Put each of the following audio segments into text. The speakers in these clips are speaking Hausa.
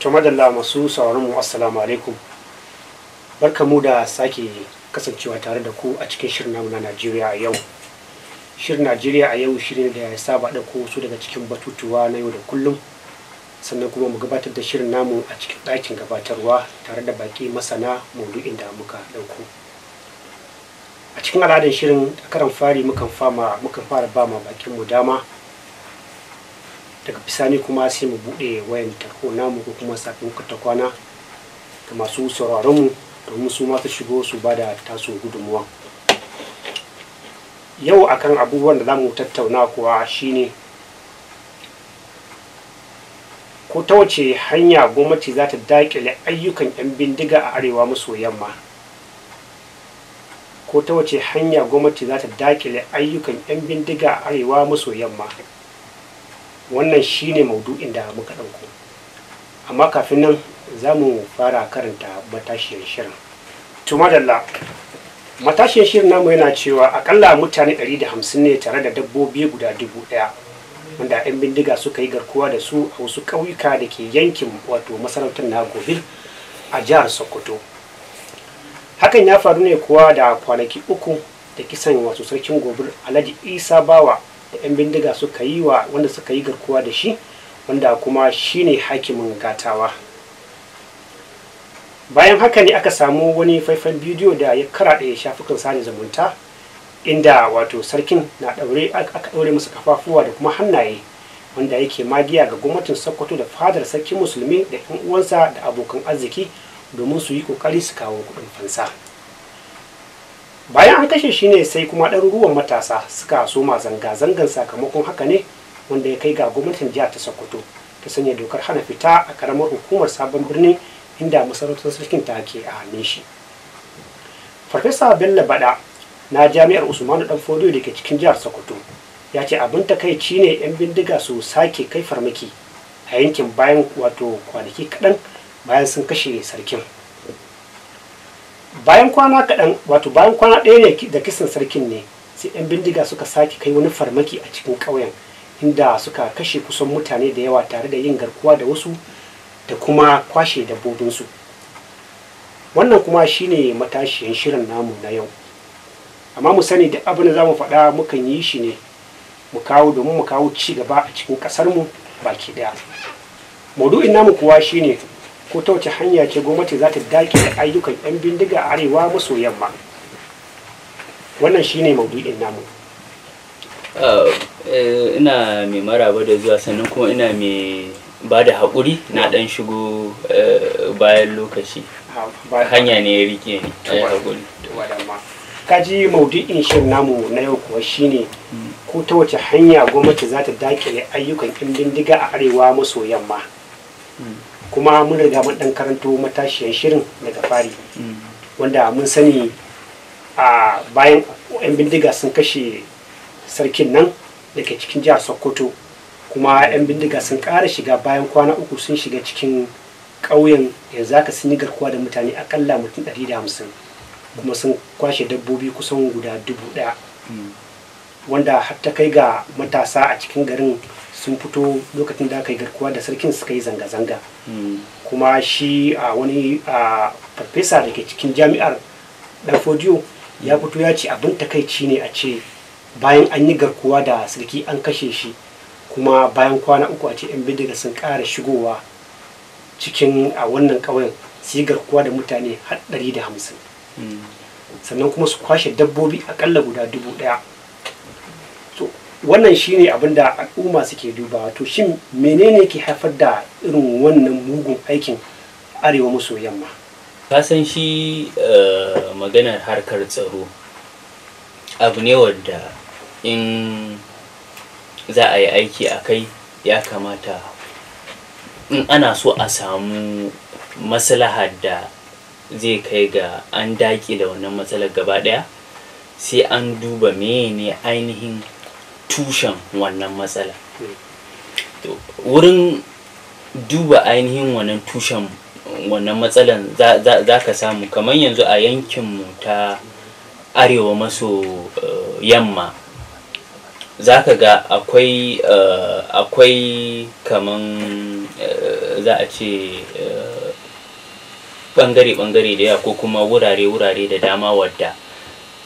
to madalla masu sauraron mu assalamu alaikum barkamu da sake kasancewa tare da ku a cikin shirin namu na Najeriya a yau shirin Najeriya a yau shirin da ya saba da ku su daga cikin batutuwa na yau da kullum sannan kuma mu gabatar da shirin namu a cikin ɗakin gabatarwa tare da baƙi masana maudu'in da muka ɗauko. a cikin al'adar shirin karan fari mukan fama mukan fara ba bakin mu dama daga bisani kuma sai mu bude wayan tako namu ko kuma safin ta kwana ga masu sauraron mu domin su ma ta shigo su bada taso gudunmuwa yau akan abubuwan da zamu tattauna kuwa shine ko ta wace hanya gwamnati za ta daƙile ayyukan 'yan bindiga a arewa maso yamma ko ta wace hanya gwamnati za ta dakile ayyukan 'yan bindiga a arewa maso yamma wannan shine maudu'in da muka ɗauko amma kafin nan za mu fara karanta matashiyar shirin tumadalla matashiyar shirin namu yana cewa akalla mutane 150 ne tare da dabbobi guda dubu ɗaya wanda 'yan bindiga suka yi garkuwa da su a wasu ƙauyuka da ke yankin wato masarautar na a jihar sokoto hakan ya faru ne kuwa da kwanaki uku da kisan wasu sarkin gobir alhaji isa bawa da 'yan bindiga suka yi wa wanda suka yi garkuwa da shi wanda kuma shine hakimin gatawa bayan haka ne aka samu wani faifan bidiyo da ya karaɗe shafukan sada zumunta inda wato sarkin na ɗaure aka ɗaure masa kafafuwa da kuma hannaye wanda yake magiya ga gwamnatin sokoto da fadar sarkin musulmi da 'yan uwansa da abokan arziki domin su yi kokari su kawo kuɗin fansa bayan an kashe shi ne sai kuma ɗaruruwan matasa suka soma zanga-zangan sakamakon haka ne wanda ya kai ga gwamnatin jihar ta sokoto ta sanya dokar hana fita a karamar hukumar sabon birni inda masarautar sarkin ta ke a hannun shi farfesa bello bada na jami'ar usmanu dan fodiyo da ke cikin jihar sokoto ya ce abin takaici ne yan bindiga su sake kai farmaki a yankin bayan wato kwanaki kaɗan bayan sun kashe sarkin bayan kwana kaɗan wato bayan kwana ɗaya ne da kisan sarkin ne sai 'yan bindiga suka sake kai wani farmaki a cikin ƙauyen inda suka kashe kusan mutane da yawa tare da yin garkuwa da wasu da kuma kwashe da dabbobinsu wannan kuma shine matashiyan shirin namu na yau amma mu sani da abin da za mu faɗa mukan yi shi ne mu kawo domin mu kawo ci gaba a cikin ƙasarmu baki ɗaya maudu'in namu kuwa shine ko ta wace hanya ce gwamnati za ta da ayyukan 'yan bindiga a arewa maso yamma wannan shine maudu'in namu eh, eh, ina mai maraba da zuwa sannan kuma ina mai ba da haƙuri na ɗan shigo eh, bayan lokaci hanya ne ya rike ni haƙuri kaji maudu'in shin namu na yau kuwa shine mm. ko ta wace hanya gwamnati za ta dakile ayyukan 'yan bindiga a arewa maso yamma mm. kuma mun riga mun dan karanto matashiyan shirin daga fari mm. wanda mun sani a bayan 'yan bindiga sun kashe sarkin nan da cikin jihar sokoto kuma 'yan bindiga sun kara shiga bayan kwana uku sun shiga cikin ƙauyen yanzu aka sun yi garkuwa da mutane akalla mutum 150 kuma sun kwashe dabbobi kusan guda dubu ɗaya mm. wanda har ta kai ga matasa a cikin garin sun fito lokacin da aka yi garkuwa da sarkin suka yi zanga-zanga hmm. kuma shi a wani farfesa da ke cikin jami'ar dan fodiyo ya hmm. fito ya ce abin takaici ne a ce bayan an yi garkuwa da sarki an kashe shi kuma bayan kwana uku a ce 'yan bidiga sun ƙara shigowa cikin a wannan ƙauyen su yi garkuwa da mutane har 150 hmm. sannan kuma su kwashe dabbobi akalla guda dubu ɗaya wannan shine abin da al'umma suke dubawa to shin menene ke haifar da irin wannan mugun aikin arewa maso yamma kasan shi eh, maganar harkar tsaro abu ne wadda in za a yi aiki a kai ya kamata in ana so a samu maslahar da zai kai ga an daƙi da wannan matsalar gaba ɗaya sai an duba menene ainihin tushen wannan matsala wurin duba ainihin wannan tushen wannan matsalan za ka samu kamar yanzu a yankinmu ta arewa maso eh, yamma za ka ga akwai eh, akwai kaman eh, za a ce ɓangare bangare da yawa ko kuma wurare-wurare da dama wadda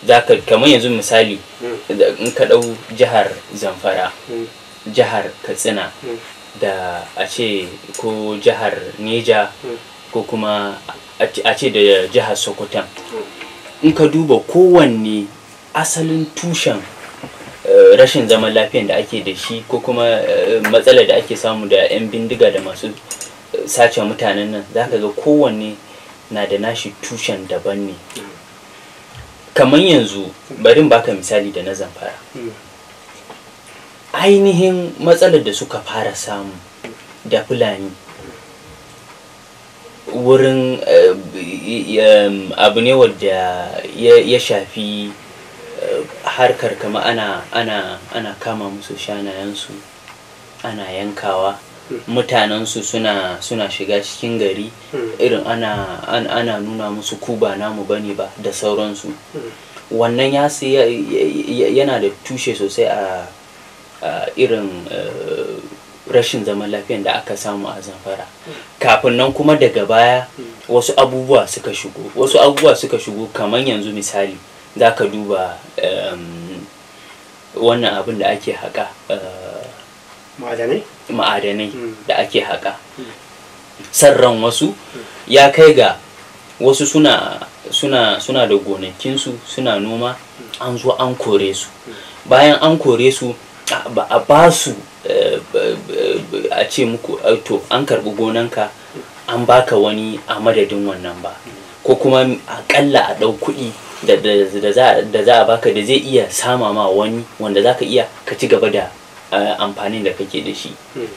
zaka kamar yanzu misali hmm. in ka ɗau jihar zamfara hmm. jihar katsina hmm. da a ce ko jihar neja ko kuma a ce da jihar sokoton in ka duba kowanne asalin tushen eh, rashin zaman lafiyan da ake da shi ko kuma eh, matsalar da ake samu da 'yan bindiga da masu eh, sace mutanen nan zaka ka ga kowanne na da nashi tushen daban ne kaman yanzu barin baka misali da na zamfara ainihin matsalar da suka fara samu da fulani wurin eh, abu ne wadda ya shafi eh, harkar kama ana kama musu shanayensu ana yankawa mutanensu suna suna shiga cikin gari hmm. irin ana ana nuna musu ku ba namu bane ba da sauransu hmm. wannan ya yana da tushe sosai a irin eh, rashin zaman lafiyan da aka samu a zamfara hmm. kafin nan kuma daga baya wasu abubuwa suka shigo wasu abubuwa suka shigo kamar yanzu misali za ka duba wannan abin da ake haƙa eh, ma'adanai hmm. da ake haƙa hmm. sarran wasu hmm. ya kai ga wasu suna da gonakinsu suna noma an zo an kore su bayan an kore su a ba su eh, a ce muku to an karbi gonanka an baka wani a madadin wannan ba ko kuma akalla a ɗau kuɗi da za a baka da zai iya sama ma wani wanda za ka iya ka ci gaba da amfanin da kake da shi hmm.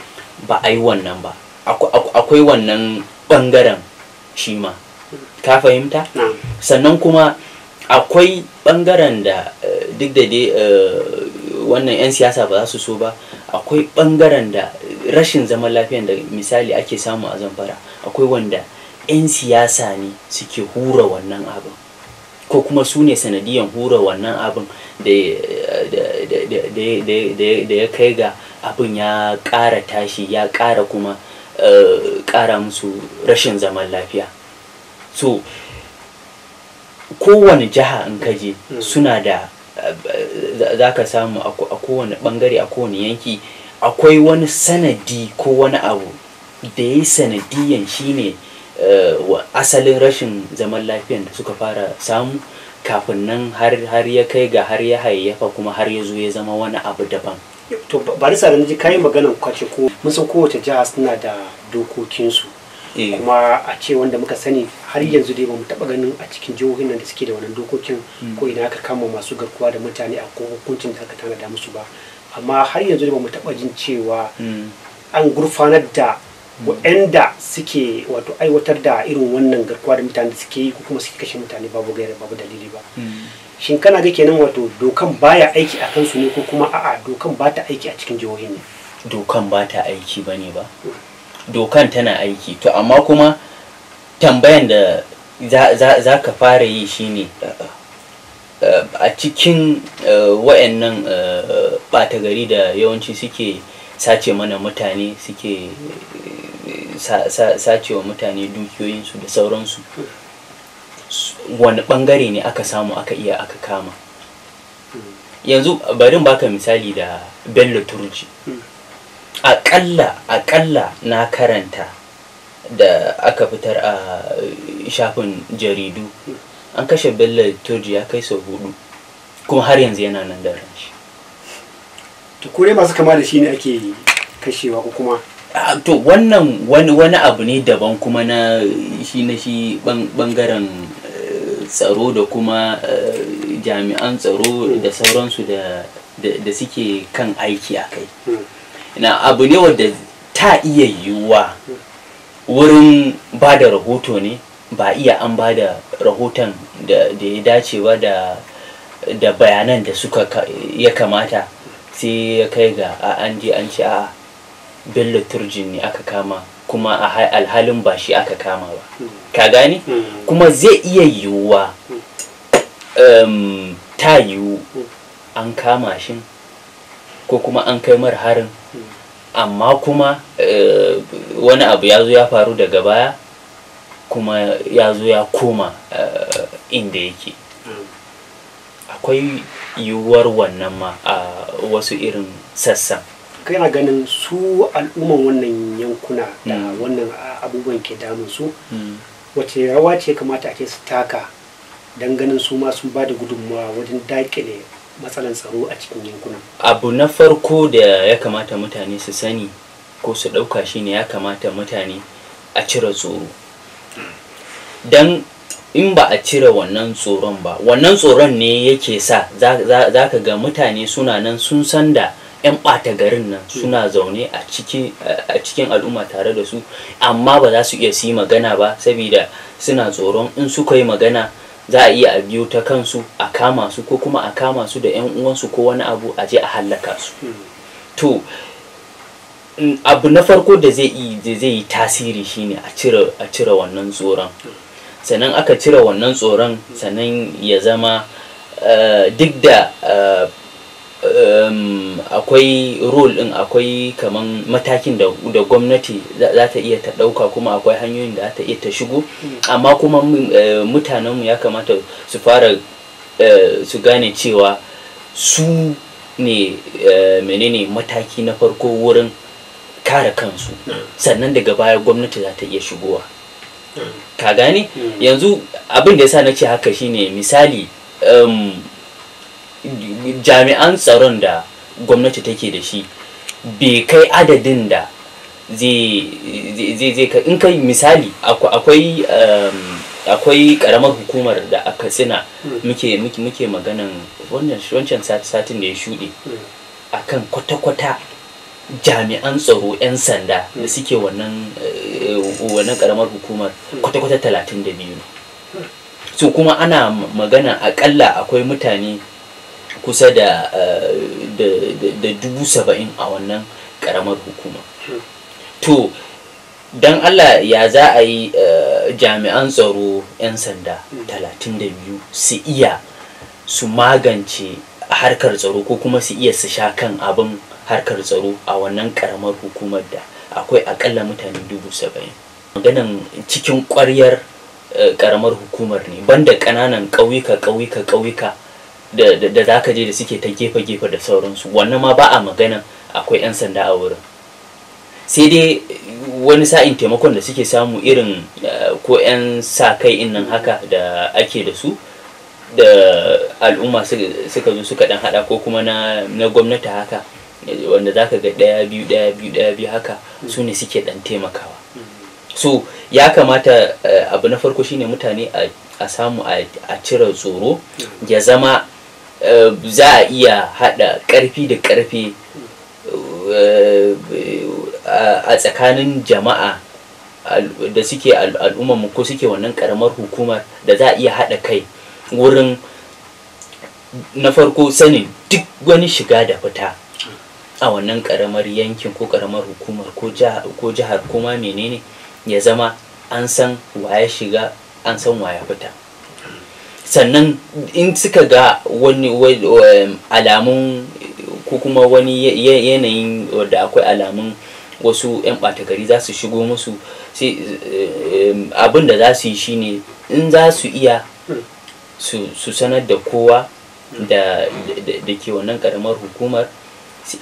ba a yi wannan ba akwai wannan ɓangaren shi ma hmm. ka fahimta sannan kuma akwai ɓangaren da eh, duk da dai eh, wannan 'yan siyasa ba za su so ba akwai ɓangaren da rashin zaman lafiyan da misali ake samu a zamfara akwai wanda 'yan siyasa ne suke hura wannan abin ko kuma su ne sanadiyan hura wannan abin da ya kai ga abin ya ƙara tashi ya ƙara kuma eh, ƙara musu rashin zaman lafiya so kowane jiha in kaje mm. suna da eh, za ka samu a kowane bangare a kowane yanki akwai wani sanadi ko wani abu da ya yi sanadiyan shine ne Eh, asalin rashin zaman lafiyan da suka fara samu kafin nan har ya kai ga har ya hayayyafa kuma har ya zo ya zama wani abu daban to ba da na ji kayan maganan kwace ko mun kowace jiha suna da dokokinsu eh. kuma a ce wanda muka sani har yanzu dai ba mu taba ganin a cikin jihohin nan da suke da wannan dokokin hmm. ko ina aka kama masu garkuwa da mutane a hukuncin da aka tanada musu ba amma har yanzu dai ba mu taba jin cewa hmm. an gurfanar da waɗanda suke wato aiwatar da irin wannan garkuwa da mutane da suke yi ko kuma suke kashe mutane babu gaira babu dalili ba hmm. shin kana ga kenan wato dokan baya aiki a kansu ne ko kuma a'a dokan ba ta aiki a cikin jihohi ne dokan ba ta aiki ba ne ba dokan tana aiki to amma kuma tambayan da za ka fara yi shine eh, eh, a cikin eh, waɗannan ɓata gari da yawanci suke sace mana mutane suke sacewa mutane dukiyoyinsu da sauransu wani bangare ne aka samu aka iya aka kama yanzu barin baka misali da bello turji aƙalla aƙalla na karanta da aka fitar a shafin jaridu an kashe bello turji ya kai sau hudu kuma har yanzu yana nan da ranshi. kure masu kama da shi ne ake kashewa ko kuma Ah, to wannan wani abu ne daban kuma na shi na shi bangaren eh, tsaro da kuma eh, jami'an tsaro da sauransu da suke kan aiki a kai na abu ne wadda ta iya yiwuwa wurin ba da rahoto ne ba iya an ba da rahoton da ya dacewa da bayanan da suka ya kamata sai ya kai ga an je an ci a bello turjin ne aka kama kuma a alhalin ba shi aka kama ba ka gani hmm. kuma zai iya yiwuwa hmm. um, ta yiwu an kama shi ko kuma an kai mar harin hmm. amma kuma uh, wani abu ya zo ya faru daga baya kuma ya zo ya koma uh, inda yake akwai yiwuwar wannan ma a wasu irin sassan kana ganin su al'umman wannan yankuna da hmm. wannan abubuwan ke damun su hmm. wace rawa ce kamata ake su taka don ganin su ma sun ba da gudunmawa wajen dakile matsalan tsaro a cikin yankuna abu na farko da ya kamata mutane su sani ko su ɗauka shi ne ya kamata mutane a cire tsoro don in ba a cire wannan tsoron ba wannan tsoron ne yake sa za ka ga mutane suna nan sun san da 'yan ɓata garin nan suna zaune a cikin al'umma tare da su amma ba za su iya su yi magana ba saboda suna tsoron in suka yi magana za a iya a biyo ta kansu a kama su ko kuma a kama su da 'yan uwansu ko wani abu a je a hallaka su to abu na farko da zai yi tasiri shine a cire wannan tsoron sannan aka cire wannan tsoron sannan ya zama eh, duk da eh, Um, akwai role din akwai kaman matakin da, da gwamnati za ta iya ta ɗauka kuma akwai hanyoyin da za ta iya ta shigo hmm. amma kuma uh, mutanenmu ya kamata su fara eh, su gane cewa su ne eh, menene mataki na farko wurin kare kansu hmm. sannan daga baya gwamnati za ta iya shigowa hmm. ka gane yanzu abin da ya sa na ce haka shine misali um, jami'an tsaron da gwamnati take da shi bai kai adadin da zai kai in kai misali akwai akwai um, karamar hukumar da aka tsina hmm. muke muke maganan wancan satin da ya shuɗe hmm. akan kwata-kwata jami'an tsaro 'yan sanda hmm. da suke wannan eh, wannan karamar hukumar kwata-kwata talatin da biyu so kuma ana magana akalla akwai mutane kusa eh, da dubu saba'in a wannan karamar hukuma to don allah ya za a yi eh, jami'an tsaro 'yan sanda talatin 32 su iya su magance harkar tsaro ko kuma su iya su sha kan abin harkar tsaro a wannan karamar hukumar da akwai akalla mutane dubu saba'in maganan cikin kwaryar karamar eh, hukumar ne banda ƙananan ƙauyuka ƙauyuka ƙauyuka da za ka je da suke ta gefe-gefe da sauransu wannan ma ba a magana akwai 'yan sanda a wurin sai dai wani sa'in taimakon da suke samu irin eh, ko 'yan sa kai nan haka da ake da su da al'umma suka zo suka dan hada ko kuma na gwamnati haka wanda za ka ga daya biyu daya biyu daya biyu haka mm. su ne suke dan taimakawa so ya kamata eh, abu na farko shine mutane a samu a cire tsoro mm. ya zama za a iya haɗa karfi da karfi eh, a tsakanin jama'a da suke al'ummarmu ko suke wannan karamar hukumar da za a iya haɗa kai wurin na farko sanin duk wani shiga da fita a wannan karamar yankin ko ƙaramar hukumar ko jihar ko ma menene ya zama an san waya shiga an san waya fita sannan in suka ga wani um, alamun ko kuma wani yanayin da akwai alamun wasu 'yan ɓatagari za su shigo musu um, abin da za su yi shine in za su iya su sanar da kowa da ke wannan karamar hukumar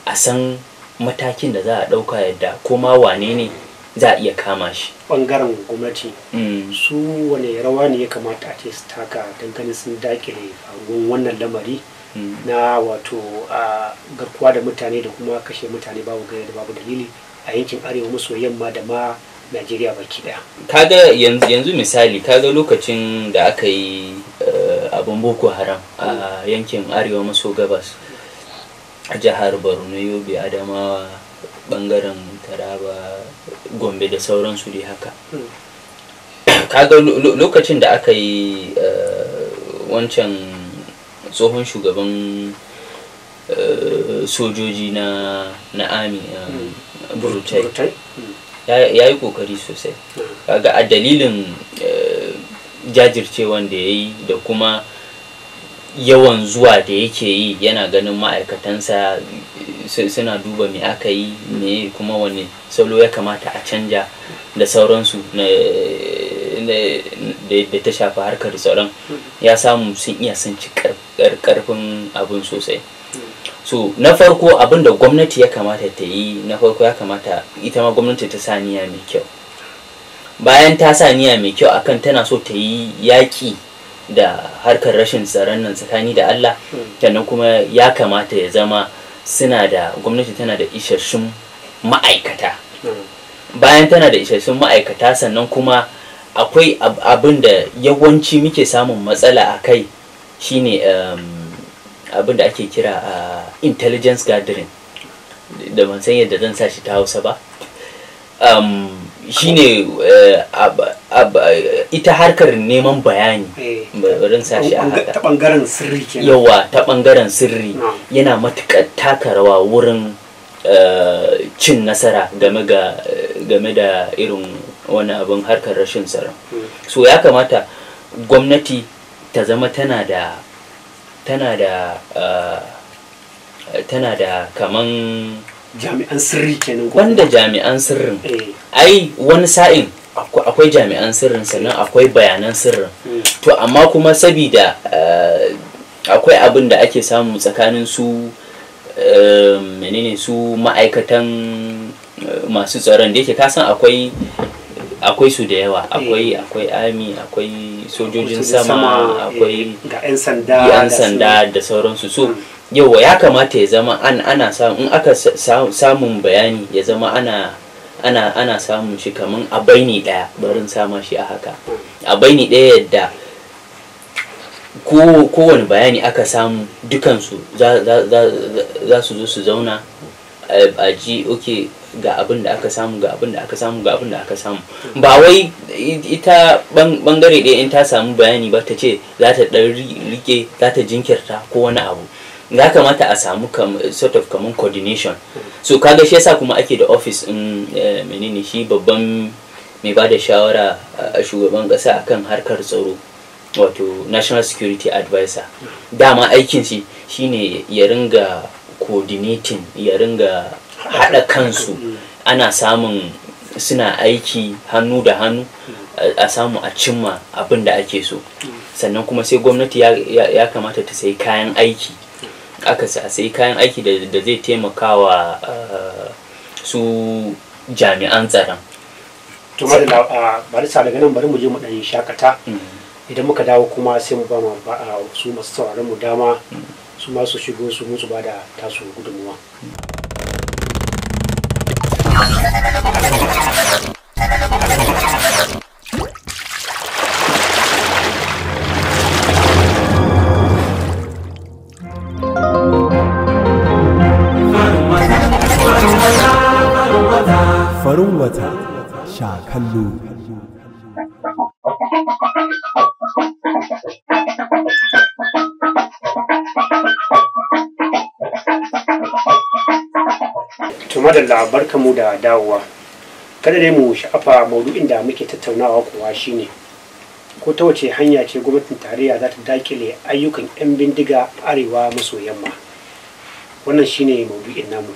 a san matakin da za a ɗauka yadda koma wane ne za a iya kama shi bangaren gwamnati mm. su wane rawa ne ya kamata a ce su taka dangane sun dakile faruwar wannan lamari mm. na wato a garkuwa da mutane da kuma kashe mutane babu gani da babu dalili a yankin arewa maso yamma da ma najeriya baki daya kaga yanzu misali ka ga lokacin da aka yi eh, abin boko haram a mm. yankin arewa maso gabas a jihar borno yobe adamawa bangaren taraba gombe da sauransu dai haka hmm. kaga lokacin da aka yi eh, wancan tsohon shugaban eh, sojoji na na eh, hmm. burutai hmm. ya yi kokari sosai kaga a dalilin jajircewan da ya yi da kuma yawan zuwa da yake yi yana ganin ma'aikatansa suna duba me aka yi me kuma wani salo ya kamata a canja da sauransu da ta shafa harkar tsaron ya samu sun iya sun ci karfin abin sosai so na farko abin da gwamnati ya kamata ta yi na farko ya kamata ita ma gwamnati ta sa niyya mai kyau bayan ta sa niyya mai kyau akan tana so ta yi yaƙi da harkar rashin tsaron nan tsakani da Allah hmm. sannan kuma ya kamata ya zama suna da gwamnati tana da isasshun ma'aikata hmm. bayan tana da isasshun ma'aikata sannan kuma akwai abin da yawanci muke samun matsala a kai shine um, abin da ake kira intelligence gathering da ban san yadda zan sa shi ta hausa ba um, shine eh, ita harkar neman bayani eh. barin sashi a haka ta bangaren sirri yawa ta bangaren sirri hmm. yana matukar taka rawa wurin eh, cin nasara game da irin wani abin harkar rashin tsaron so ya kamata gwamnati ta zama tana da tana da eh, tana da kaman jami'an sirri kenan wanda jami'an sirrin eh. ai wani sa'in akwai jami'an sirrin sannan akwai bayanan sirrin hmm. to amma kuma sabida akwai abin da ake samu tsakanin su Ehm, menene su ma'aikatan eh, masu tsaron da yake kasan akwai akwai su da yawa eh. akwai akwai ami akwai sojojin sama akwai eh, yan sanda da sauransu so hmm. yawa ya kamata ya zama ana in aka samun bayani ya zama ana ana samun shi kaman a baini daya barin sama shi a haka a baini daya yadda kowane bayani aka samu dukansu za su zo su zauna a ji oke ga abin da aka samu ga abin da aka samu ga abin da aka samu ba wai ita bangare ɗaya in ta samu bayani ba ta ce za ta ɗan rike za ta jinkirta ko wani abu ya kamata a samu sort of common coordination so kaga shi yasa kuma ake da ofis in eh, menene shi babban mai ba da shawara a shugaban ƙasa akan harkar tsaro wato national security advisor dama aikin shi shine ya ringa coordinating ya ringa hada kansu ana samun suna aiki hannu da hannu a samu a cimma abin da ake so sannan kuma sai gwamnati ya kamata ta sayi kayan aiki aka sai kayan aiki da zai taimaka wa eh, su jami'an tsaron. tumar da ah, bari sa daga nan bari mu je mu ɗan shakata mm. idan muka dawo kuma sai mu ba su masu sauraron mu dama su ma su shigo su musu ba da tasu gudunmuwa. farin wata sha kallo madalla barka mu da dawowa kada dai mu sha'afa maudu'in da muke tattaunawa kuwa shine ko ta wace hanya ce gwamnatin tarayya za ta dakile ayyukan 'yan bindiga arewa maso yamma wannan shine maudu'in namu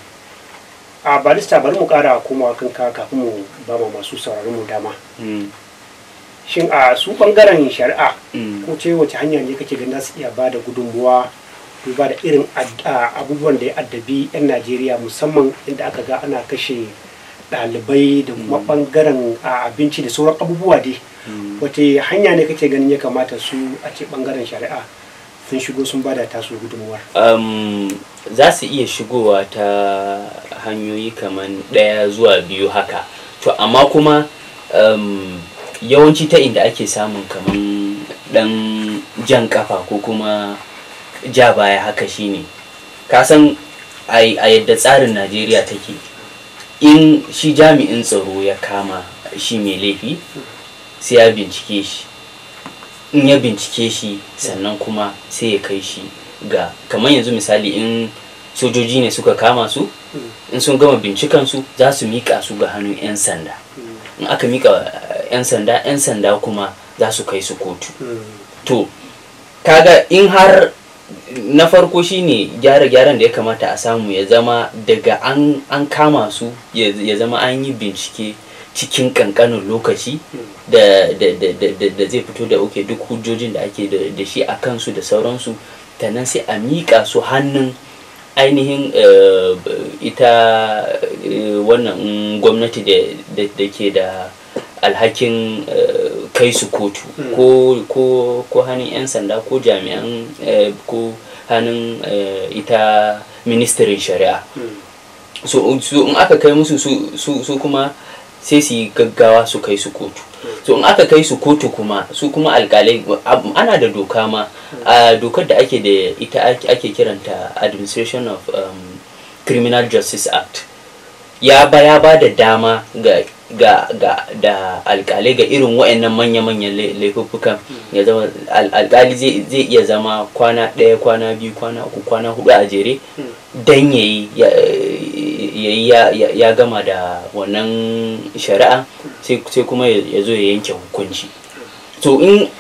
a balista bari mu kara komawa kanka kafin mu ba ma masu sauraron mu dama mm. shin a su bangaren shari'a mm. ko ce wace hanya ne kake ganin za su iya ba da gudunmuwa duba da irin abubuwan da ya addabi 'yan najeriya musamman inda aka ga ana kashe ɗalibai da kuma mm. ɓangaren abinci da sauran abubuwa dai mm. wata hanya ne kake ganin ya kamata su a ce ɓangaren shari'a sun shigo sun bada tasu gudunmuwar um, za su iya shigowa ta hanyoyi kamar ɗaya zuwa biyu haka to amma kuma um, yawanci ta inda ake samun kamar ɗan jan kafa ko kuma ja baya haka shine ka san a yadda tsarin najeriya take in shi jami'in tsaro ya kama shi mai laifi sai ya bincike shi in ya bincike shi sannan kuma sai ya kai shi ga kamar yanzu misali in sojoji ne suka kama su in sun gama su za su mika su ga hannun 'yan sanda in aka mika 'yan sanda 'yan sanda kuma za su kai su kotu hmm. to kaga in har na farko shine gyara gyaran da ya kamata a samu ya zama daga an, kama su ya zama an yi bincike cikin kankanin lokaci da, zai fito da oke duk hujjojin da ake da, shi a kansu da sauransu ta nan sai a miƙa su hannun ainihin eh, ita eh, wannan gwamnati da, ke da alhakin eh, kai su kotu hmm. ko ko ko hannun 'yan sanda ko jami'an eh, ko hannun eh, ita ministerin shari'a hmm. so in aka kai musu su kuma sai su yi gaggawa su kai su kotu hmm. so in aka kai su kotu kuma su kuma alkalai ana da doka ma a dokar da ake da ita ake kiranta administration of um, criminal justice act ya ba ya ba da dama ga ga ga da alkalai ga irin waannan manya-manyan laifuka hmm. ya zama alkali zai iya zama kwana ɗaya kwana biyu kwana uku kwana hudu a jere hmm. dan yayi ya gama da wannan shari'a hmm. sai kuma ya zo ya yanke hukunci to in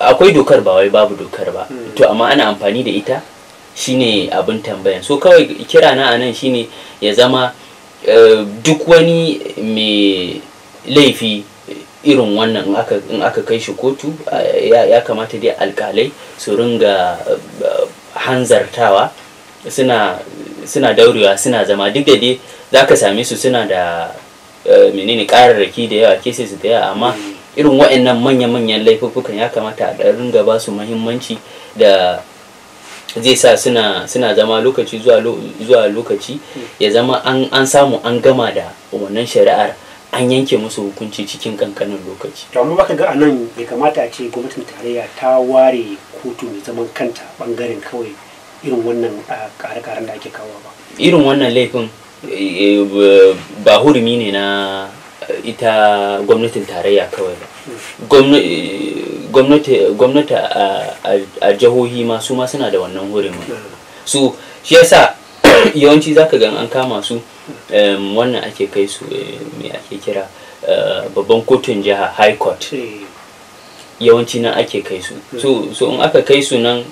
akwai dokar ba wai babu dokar ba to amma ana amfani da ita shine abin tambayan so kawai kira na anan shine ya zama Eh, duk wani mai laifi irin wannan in aka kai shi kotu eh, ya kamata dai alkalai su ringa eh, hanzartawa suna daurewa suna zama duk da dai za ka same su suna da menene kararraki da yawa cases da yawa amma mm. irin waɗannan manya-manyan laifuffukan ya kamata a ringa ba su muhimmanci da zai sa suna zama lokaci zuwa lokaci hmm. ya zama an samu an gama da wannan shari'ar an yanke musu hukunci cikin kankanin lokaci. To amma baka ga anan ya kamata a ce gwamnatin tarayya ta ware kotu mai zaman kanta bangaren kawai irin wannan kare-karen da ake kawo ba. Irin wannan laifin eh, eh, ba hurumi ne na ita gwamnatin tarayya kawai ba. Hmm. Eh, gwamnati a jihohi ma su ma suna da wannan wurin su shi yasa yawanci zaka gan an kama su wannan ake kai su eh, me ake kira eh, babban kotun jiha high court eh. yawanci nan ake kai su hmm. so in aka kai su nan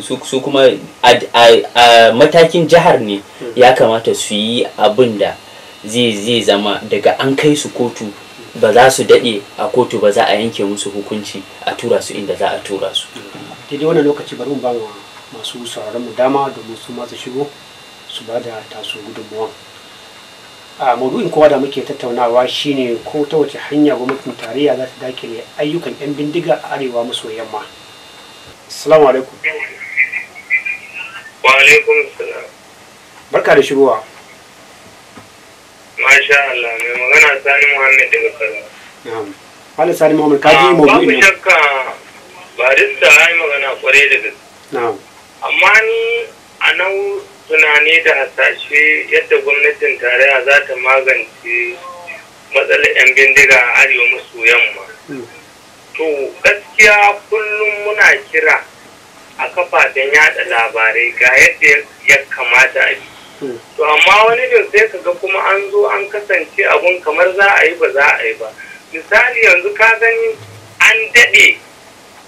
su kuma a matakin jihar ne hmm. ya kamata su yi abin da zai zama daga an kai su kotu ba za su daɗe a kotu ba za a yanke musu hukunci a tura su inda za a tura su daidai wannan lokaci bari mu ba masu sauraron mu dama domin su masu shigo su ba da tasu gudunmuwa a maudu'in kowa da muke tattaunawa shine ko ta wace hanya gwamnatin tarayya za ta dakile ayyukan 'yan bindiga a arewa maso yamma assalamu alaikum wa alaikum barka da shigowa Masha Allah, mai magana Sani Muhammad daga Kano. Wani Sani Muhammad, ka ji ah, mu Babu shakka ba duk da ai magana kwarai da gaske. Amma ni a nan tunani da hasashe yadda gwamnatin tarayya za ta magance matsalar 'yan bindiga a arewa maso yamma. Hmm. To gaskiya kullum muna kira a kafafen yada labarai ga yadda ya kamata a bi. to amma wani din sai ka ga kuma an zo an kasance abun kamar za a yi ba za a yi ba misali yanzu ka gani an daɗe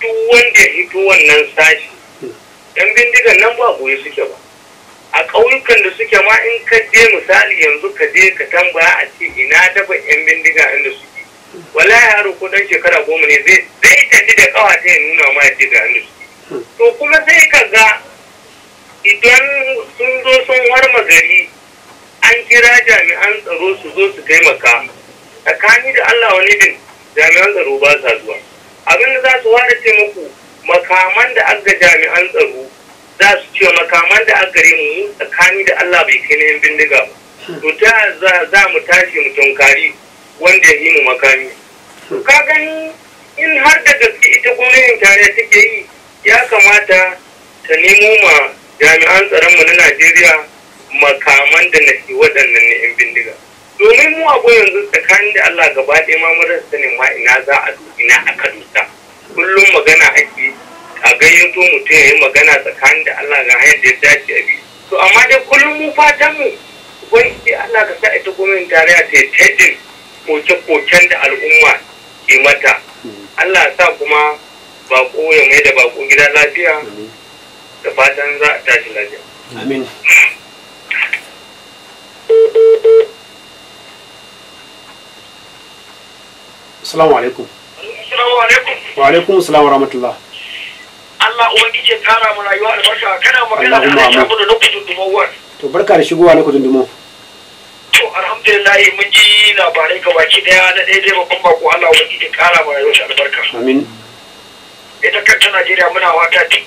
duk wanda ya hito wannan sashi yan bindigan nan ba goyi suke ba a ƙauyukan da suke ma in ka je misali yanzu ka je ka tambaya a ce ina daban yan bindiga inda suke ya yaro ko dan shekara goma ne zai tafi da ƙawata ya nuna ma yadda inda suke to kuma sai ka ga idan sun zo sun warma gari an kira jami'an tsaro su zo su taimaka tsakani da Allah wani din jami'an tsaro ba sa zuwa abin da za su ware taimako makaman da aka jami'an tsaro za su ce makaman da aka gare mu tsakani da Allah bai kai na bindiga ba to ta za mu tashi mu tunkari wanda ya yi mu makami ka gani in har da gaske ita gwamnatin tare take yi ya kamata ta nemo ma jami'an tsaronmu na najeriya makaman da nake waɗannan ne 'yan bindiga domin mu abu yanzu tsakanin da allah gaba ɗaya ma mun rasa ne ma ina za a ina a dusa kullum magana ake a gayyato mutum ya yi magana tsakanin da allah ga hanyar da ya dace a bi to amma dai kullum mu fatan mu ubangiji allah ka sa ita gwamnatin tarayya ta yi tajin koke-koken da al'umma ke mata allah sa kuma bako ya mai da bako gida lafiya da fatan za a tashi lafiya amin Assalamu alaikum. Assalamu alaikum. Wa alaikum assalam wa rahmatullah. Allah ubangiji ya kara mu rayuwa albarka kana magana da Allah shafu da lokacin dumowar. To barka da shigowa lokacin dumo. To alhamdulillah mun ji labarai gabaki daya na ɗaya babban bako Allah ubangiji ya kara mu rayuwa albarka. Amin. ita kanta Najeriya muna wata duk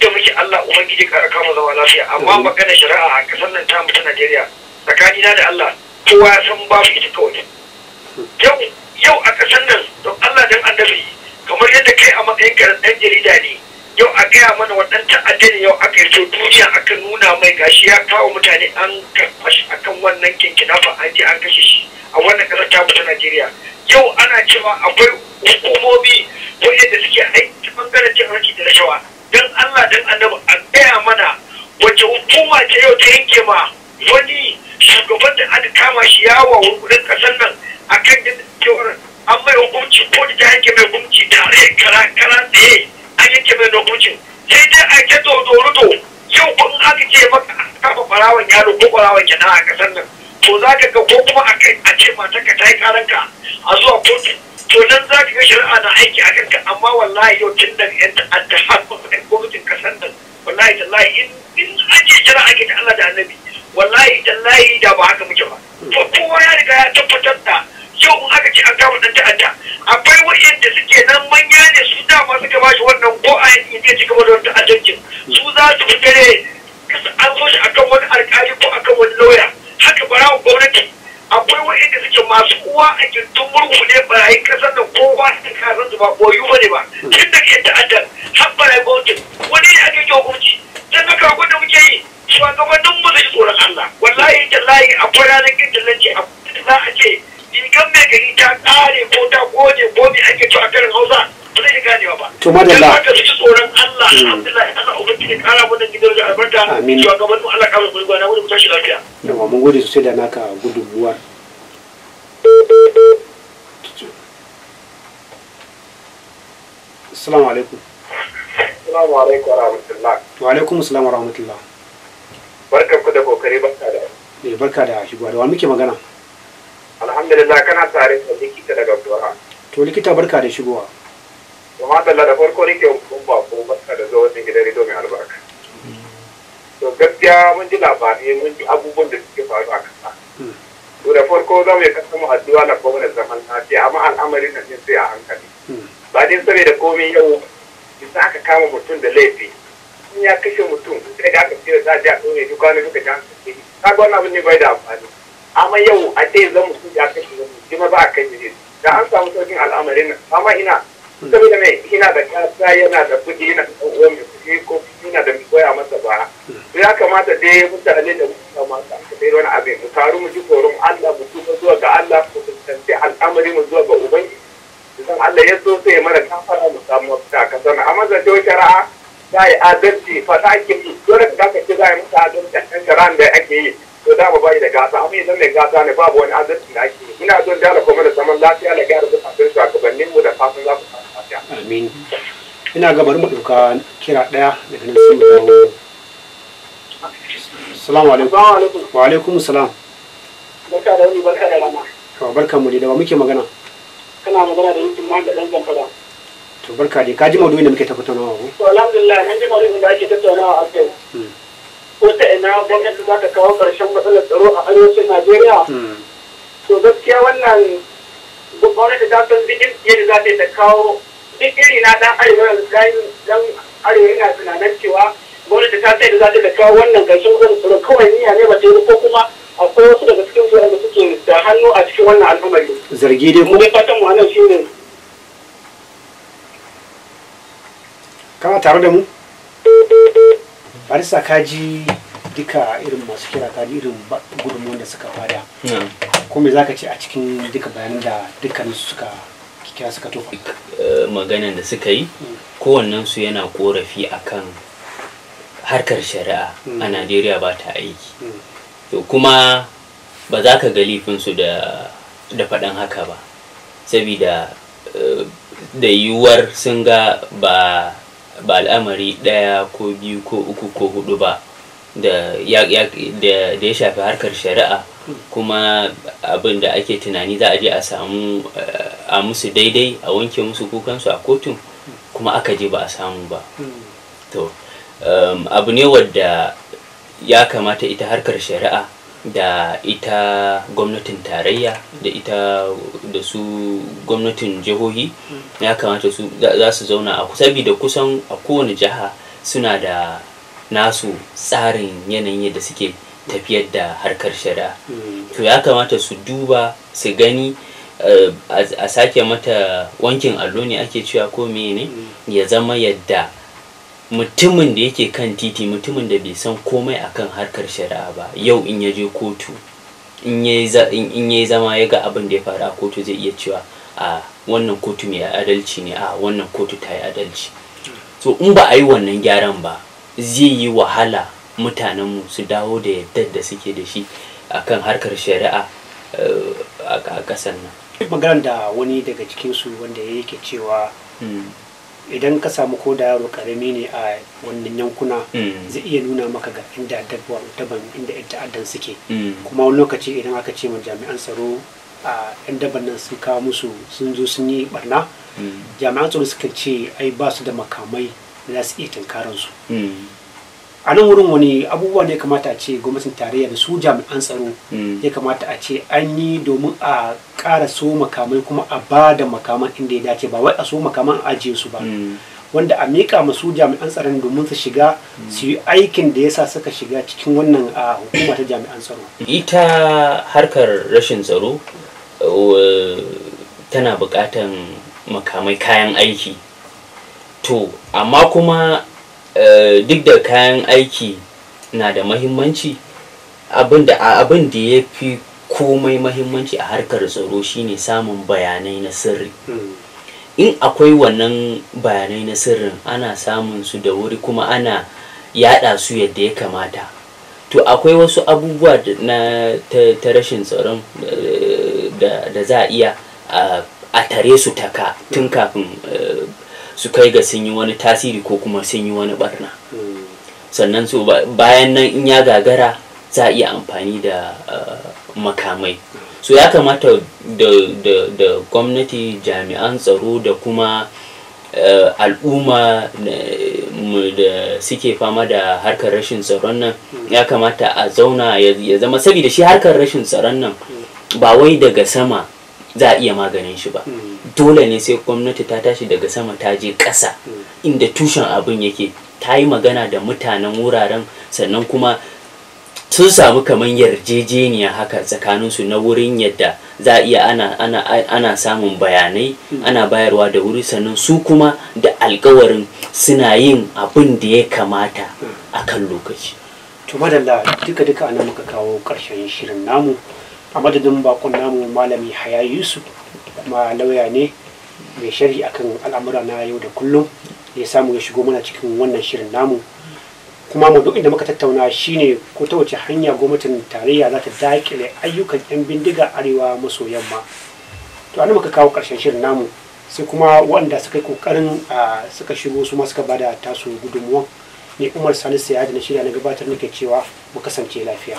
da muke Allah Ubangiji raka mu zama lafiya amma magana shari'a a kasar nan ta ta Najeriya tsakani na da Allah kowa ya san ba su ita kawai yau yau a kasar nan don Allah dan annabi kamar yadda kai a matsayin ka dan jarida ne yau a gaya mana waɗan addini yau aka yi duniya aka nuna mai gashi ya kawo mutane an karɓa shi akan wannan kinkinafa an je an kashe shi a wannan kasar ta ta Najeriya yau ana cewa akwai hukumomi wanda suke aiki bangaren cin hanci da rashawa Don Allah don annabi a gaya mana wace hukuma ce yau ta yanke ma wani shugaban da aka kama shi yawa wurin kasar nan A kan yadda cewar an mai hukunci ko da ta yanke mai hukunci tare kara kara tsaye an yanke mai hukuncin sai dai a ke tsoro yau kun aka ce maka kafa barawan yaro ko barawan kenan a kasar nan to za ka ga ko kuma a kai a ce matarka ta yi karanka a zuwa kotu to nan za ka ga shari'a na aiki a kanka amma wallahi yau tun da yan ta'adda har kuma gwamnatin kasar nan wallahi tallahi in in an ce shari'a ke ta Allah da annabi wallahi tallahi da ba haka muke ba to kowa ya riga ya tabbatar da yau in aka ce an kama dan ta'adda akwai wa'yanda suke nan manya ne su dama suka ba shi wannan ko a yanzu ne ci gaba da wata ta'addancin su za su fitare an so shi akan wani alƙali ko akan wani lauya haka bara gwamnati akwai waɗanda suke masu uwa a gindin murku ne ba a yi kasar da kowa da kasar ba koyu ba ne ba tun da ke ta'addar har ba rai gwamnati wani ya ake yi hukunci don haka abin da muke yi shugabannin mu zai tsoron Allah wallahi layi akwai ranar lance a za a ce kan mai gari ta ƙare ko ta goje ko me ake a karin hausa ba zai ganewa ba to madalla kan ka ji tsoron Allah hmm. alhamdulillah Allah ubangiji kara gidan da albarka amin cewa gaban Allah kara mu gwana mu tashi lafiya yawa mun gode sosai da naka gudunmuwar Assalamu alaikum. Assalamu alaikum wa rahmatullah. Wa alaikum assalam da kokari barka da. Eh, barka da da wa muke magana? Alhamdulillah kana tare da To likita barka da shigowa. kuma dalla da farko nake hukun ba ko masa da zuwa wannan gidan rediyo mai albarka to gaskiya mun ji labarai mun ji abubuwan da suke faru a kasa to da farko za mu yi kasa mu addu'a na kowane zaman lafiya amma al'amarin nan sai a hankali ba din saboda komai yau idan aka kama mutum da laifi in ya kashe mutum sai da aka ce za a ji a ɗore duk wani duka jan kashe ka ga wani abin ne bai da amfani amma yau a ce zan mutum ya kashe zan mutum ba a kai ne da an samu sauƙin al'amarin nan amma ina saboda mai yana da kasa yana da kuɗi yana da uwan mai kuɗi ko yana da koya masa ba ya kamata dai mutane da mutane masu akadai wani abin mu taru mu ji tsoron Allah mu tuba zuwa ga Allah mu fuskanci al'amari mu zuwa ga uban. idan Allah ya so sai mara kafara mu samu mafita ka sana amma zance wata ra'a za a yi adalci fata ke yi dole da ka ce za a yi musu adalci a kan shari'an da ake yi to da ba bai da gasa amma idan mai gasa ne babu wani adalci da ake yi ina son da kuma da saman lafiya da gyara zukatan shugabanninmu da fatan za ku samu amin ina gabar mu kira ɗaya daga nan sun mu dawo salamu alaikum wa alaikum salam barka da wani barka da rana to barka mu da ba muke magana kana magana da yankin mahanga dan zamfara to barka dai ka ji maudu'in da muke ta tattaunawa to alhamdulillah mun ji maudu'in da ake tattaunawa a kai hmm. ko ta ina gwamnati za ta kawo ƙarshen matsalar tsaro a arewacin Najeriya hmm. to gaskiya wannan gwamnati ta san bikin da za ta kawo duk iri na dan arewa dan arewa ina tunanin cewa gwamnati ta sai da za ta kawo wannan gashin gwamnati tsoro kawai niyya ne ba ta yi ko kuma akwai wasu daga cikin wanda suke da hannu a cikin wannan al'amari zargi dai mu dai fatan mu a nan anan shine kana tare da mu ka ji duka irin masu kira kaji irin gudunmuwan da suka fada hmm. kuma za ka ce a cikin duka bayanan da dukkanin suka gaskiya suka tofa eh, maganan da suka yi hmm. kowannen su yana korafi akan harkar shari'a a hmm. najeriya ba ta aiki hmm. to kuma ba za ka ga su da da faɗan haka ba saboda eh, da yiwuwar sun ga ba ba al'amari ɗaya ko biyu ko uku ko hudu ba da ya shafi harkar shari'a kuma abin da ake tunani za a je a samu eh, a musu daidai a wanke musu kukansu a kotun kuma aka je ba a samu ba hmm. to um, abu ne wadda ya kamata ita harkar shari'a da ita gwamnatin tarayya da ita da su gwamnatin jihohi hmm. ya kamata za su zauna a da kusan a kowane jiha suna da nasu tsarin yanayin da suke tafiyar da harkar shari'a hmm. to ya kamata su duba su gani eh, a sake mata wankin allo ne ake cewa ko ne hmm. ya zama yadda mutumin da yake kan titi mutumin da bai san komai akan harkar shari'a ba yau in ya je kotu in ya zama ya ga abin da ya faru a kotu zai iya cewa a wannan kotu mai adalci ne a wannan kotu ta yi adalci hmm. so in ba a yi wannan gyaran ba zai yi wahala mutanenmu su dawo da yadda da suke da shi a kan harkar shari'a eh, a ƙasar nan maganar da wani daga cikinsu wanda ya yake cewa hmm. idan ka samu ko da yaro karami ne a wannan yankuna hmm. zai iya nuna maka ga inda daban inda yan ta'addan suke hmm. kuma wani lokaci idan aka ce ma jami'an tsaro a yan daban nan sun kawo musu sun zo sun yi barna jami'an tsaro suka ce ai ba su da makamai da za su iya tunkaransu a nan wurin wani abubuwa ne kamata a ce gwamnatin tarayya da su jami'an tsaro mm. ya kamata a ce an yi domin a ƙara so makamai kuma a ba da makaman inda ya dace ba wai a so makaman a ajiye su ba mm. wanda a miƙa masu jami'an tsaron domin su shiga mm. su yi aikin da yasa suka shiga cikin wannan a hukuma ta jami'an tsaro ita harkar rashin tsaro uh, tana bukatan makamai kayan aiki to amma kuma Eh, duk da kayan aiki na da mahimmanci abin da ya fi komai mahimmanci a harkar tsaro shine samun bayanai na sirri hmm. in akwai wannan bayanai na sirrin ana samun su da wuri kuma ana yada su yadda ya kamata to akwai wasu abubuwa na ta rashin tsaron eh, da za a iya eh, a tare su taka tun kafin su kai ga sun yi wani tasiri ko kuma sun yi wani barna sannan su bayan nan in ya gagara za a iya amfani da uh, makamai so ya kamata da gwamnati jami'an tsaro da kuma uh, al'umma eh, da suke fama da harkar rashin tsaron nan ya kamata a zauna ya zama saboda shi harkar rashin tsaron nan ba wai daga sama za a iya maganin shi ba hmm. dole ne sai gwamnati ta tashi daga sama ta je ƙasa hmm. inda tushen abin yake ta yi magana da mutanen wuraren sannan kuma sun samu kamar yarjejeniya haka tsakaninsu na wurin yadda za a iya ana, samun bayanai hmm. ana bayarwa da wuri sannan su kuma da alkawarin suna yin abin da ya kamata a kan lokaci. to madalla duka-duka ana muka kawo ƙarshen shirin namu a madadin bakon namu malami haya yusuf kuma lauya ne mai a akan al'amura na yau da kullum ya samu ya shigo mana cikin wannan shirin namu kuma mu duk inda muka tattauna shine ko ta wace hanya gwamnatin tarayya za ta dakile ayyukan yan bindiga arewa maso yamma to an muka kawo ƙarshen shirin namu sai kuma wanda suka yi kokarin suka shigo su ma suka bada tasu gudunmuwan ne umar salisu ya na shirya na gabatar nake cewa mu kasance lafiya